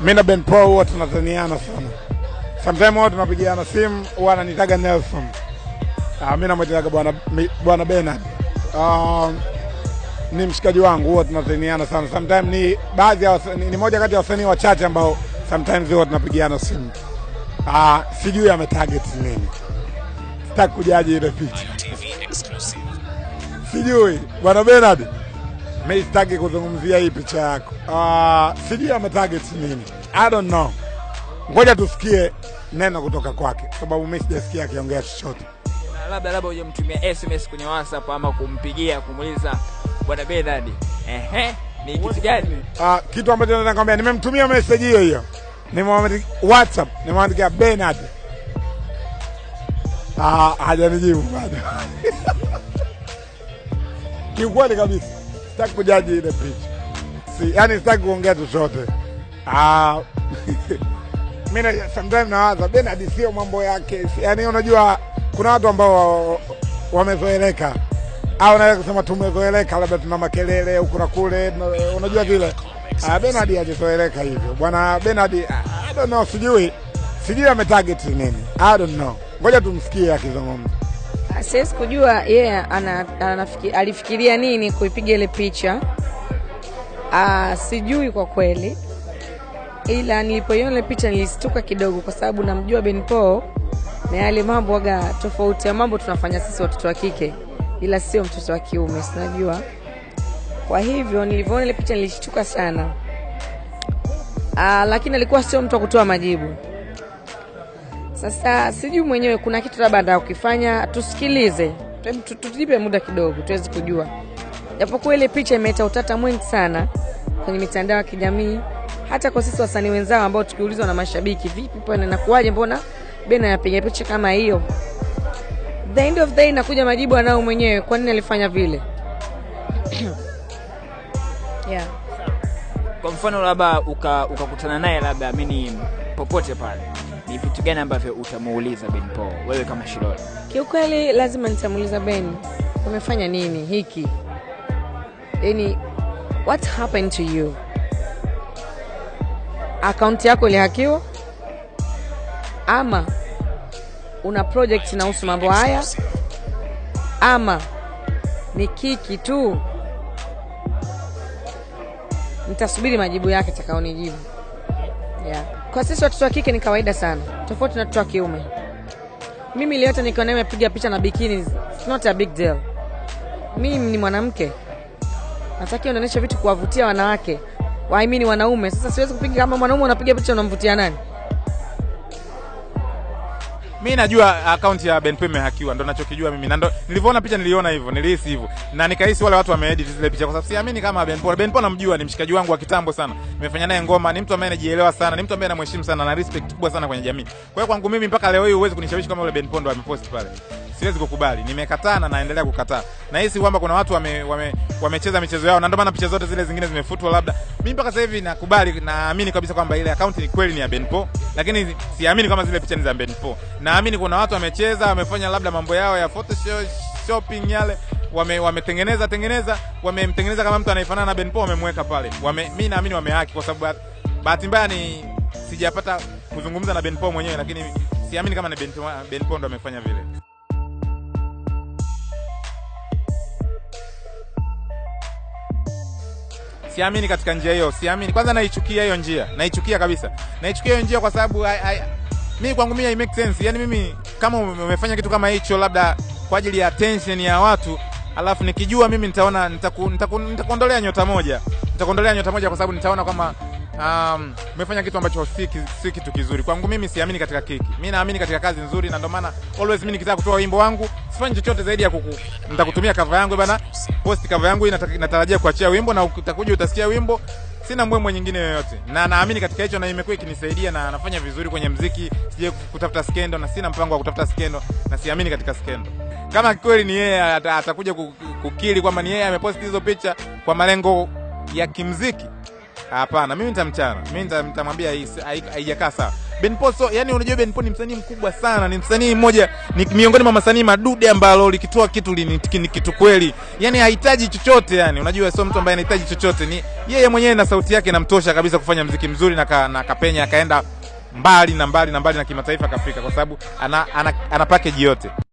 Mimi na Ben Pro huwa tunataniana sana. Sometimes huwa tunapigiana simu, huwa ananitaga Nelson. Ah, mimi namwitaga bwana bwana Bernard. Ah, ni mshikaji wangu huwa tunataniana sana. Sometimes ni baadhi ya ni, ni moja kati ya wasanii wachache ambao sometimes huwa tunapigiana simu. Ah, sijui target nini. Sitaki kujaji ile picha. Sijui bwana Bernard mimi sitaki kuzungumzia hii picha yako. Ah, Uh, sijui ame target nini, I don't know. Ngoja tusikie neno kutoka kwake, sababu mimi sijasikia akiongea chochote. Labda labda hujamtumia SMS kwenye WhatsApp ama kumpigia kumuuliza bwana Bedadi, ehe, ni kitu gani? Uh, kitu ambacho nataka nakwambia, nimemtumia message hiyo hiyo, nimemwandikia WhatsApp, nimemwandikia Bernard. Ah, hajanijibu bado kiukweli kabisa sitaki kujaji ile picha si, yani sitaki kuongea chochote ah, mimi sometimes nawaza Bernard sio mambo yake, yani unajua kuna watu ambao wamezoeleka au naweza kusema tumezoeleka, labda tuna makelele huku na kule, unajua vile. Uh, ah, Bernard hajazoeleka hivyo bwana. Bernard I don't know, sijui sijui ametarget nini, I don't know. Ngoja tumsikie akizungumza siwezi kujua yeye yeah, alifikiria nini kuipiga ile picha uh, sijui kwa kweli, ila nilipoiona ile picha nilistuka kidogo, kwa sababu namjua Ben Paul na yale mambo aga tofauti ya mambo tunafanya sisi watoto wa kike, ila sio mtoto wa kiume, sinajua. Kwa hivyo nilivyoona ile picha nilishtuka sana. Uh, lakini alikuwa sio mtu wa kutoa majibu. Sasa sijui mwenyewe, kuna kitu labda ndakifanya, tusikilize, tujipe muda kidogo tuwezi kujua, japokuwa ile picha imeleta utata mwingi sana kwenye mitandao ya kijamii, hata kwa sisi wasanii wenzao ambao tukiulizwa na mashabiki, vipi bwana, inakuaje, mbona Bena anapiga picha kama hiyo? The end of day nakuja majibu anao mwenyewe, kwa nini alifanya vile? yeah. Kwa mfano labda ukakutana uka naye labda amini popote pale ni vitu gani ambavyo utamuuliza Ben Paul wewe kama Shilole? Kiukweli lazima nitamuuliza Ben, umefanya nini hiki, yaani what happened to you? Akaunti yako ilihakiwa ama una project inahusu mambo haya ama ni kiki tu? Nitasubiri majibu yake atakaonijibu yeah. Kwa sisi watoto wa kike ni kawaida sana, tofauti na watoto wa kiume. Mimi leo nikiona nimepiga picha na bikini, it's not a big deal. Mimi ni mwanamke, nataki nionyeshe vitu kuwavutia wanawake waimini wanaume. Sasa siwezi kupiga kama mwanaume unapiga picha unamvutia nani? mi najua akaunti ya Ben Peme hakiwa, ndo nachokijua mimi, na ndo nilivyoona picha, niliona hivyo, nilihisi hivyo, na nikahisi wale watu wameedit zile picha, kwa sababu siamini kama Ben Pole. Ben Pole namjua, ni mshikaji wangu wa kitambo sana, nimefanya naye ngoma, ni mtu ambaye anajielewa sana, ni mtu ambaye namheshimu sana na respect kubwa sana kwenye jamii. Kwa hiyo kwangu mimi mpaka leo hii huwezi kunishawishi kama yule Ben Pole amepost pale siwezi kukubali, nimekataa na naendelea kukataa. Nahisi kwamba kuna watu wamecheza wame, wame michezo yao, na ndio maana picha zote zile zingine zimefutwa labda mimi mpaka sasa hivi nakubali, naamini kabisa kwamba ile account ni kweli ni ya Benpo, lakini siamini kama zile picha ni za Benpo. Naamini kuna watu wamecheza, wamefanya labda mambo yao ya Photoshop shopping yale wame wametengeneza tengeneza wamemtengeneza kama mtu anayefanana na Benpo wamemweka pale. Wame, mimi naamini wamehaki kwa sababu bahati mbaya ni sijapata kuzungumza na Benpo mwenyewe, lakini siamini kama ni Benpo ndo amefanya vile. Siamini katika njia hiyo, siamini. Kwanza naichukia hiyo njia, naichukia kabisa, naichukia hiyo njia kwa sababu mi kwangu mimi haimake sense. Yani mimi kama umefanya kitu kama hicho, labda kwa ajili ya attention ya watu, alafu nikijua mimi nitaona nitakuondolea nitaku, nyota moja, nitakuondolea nyota moja kwa sababu nitaona kama um, umefanya kitu ambacho si, si kitu kizuri. Kwangu mimi siamini katika kiki, mimi naamini katika kazi nzuri, na ndio maana always mimi nikitaka kutoa wimbo wangu sifanyi chochote zaidi ya kuku, nitakutumia cover yangu bana, post cover yangu inatarajia kuachia wimbo na utakuja utasikia wimbo. Sina mbwembwe nyingine yoyote, na naamini katika hicho, na imekuwa ikinisaidia na nafanya vizuri kwenye mziki. Sije kutafuta skendo na sina mpango wa kutafuta skendo na siamini katika skendo. Kama kweli ni yeye atakuja kukiri kwamba ni yeye amepost hizo picha kwa malengo ya kimziki, hapana, mimi nitamchana, mimi nitamwambia haijakaa sawa. Benpo so, yani unajua Benpo ni msanii mkubwa sana, ni msanii mmoja ni miongoni mwa masanii madude ambalo likitoa kitu ni kitu kweli. Yani hahitaji chochote yani, unajua sio mtu ambaye anahitaji chochote, ni yeye mwenyewe na sauti yake inamtosha kabisa kufanya mziki mzuri na, na kapenya akaenda mbali na mbali na mbali na kimataifa kafika, kwa sababu ana, ana, ana package yote.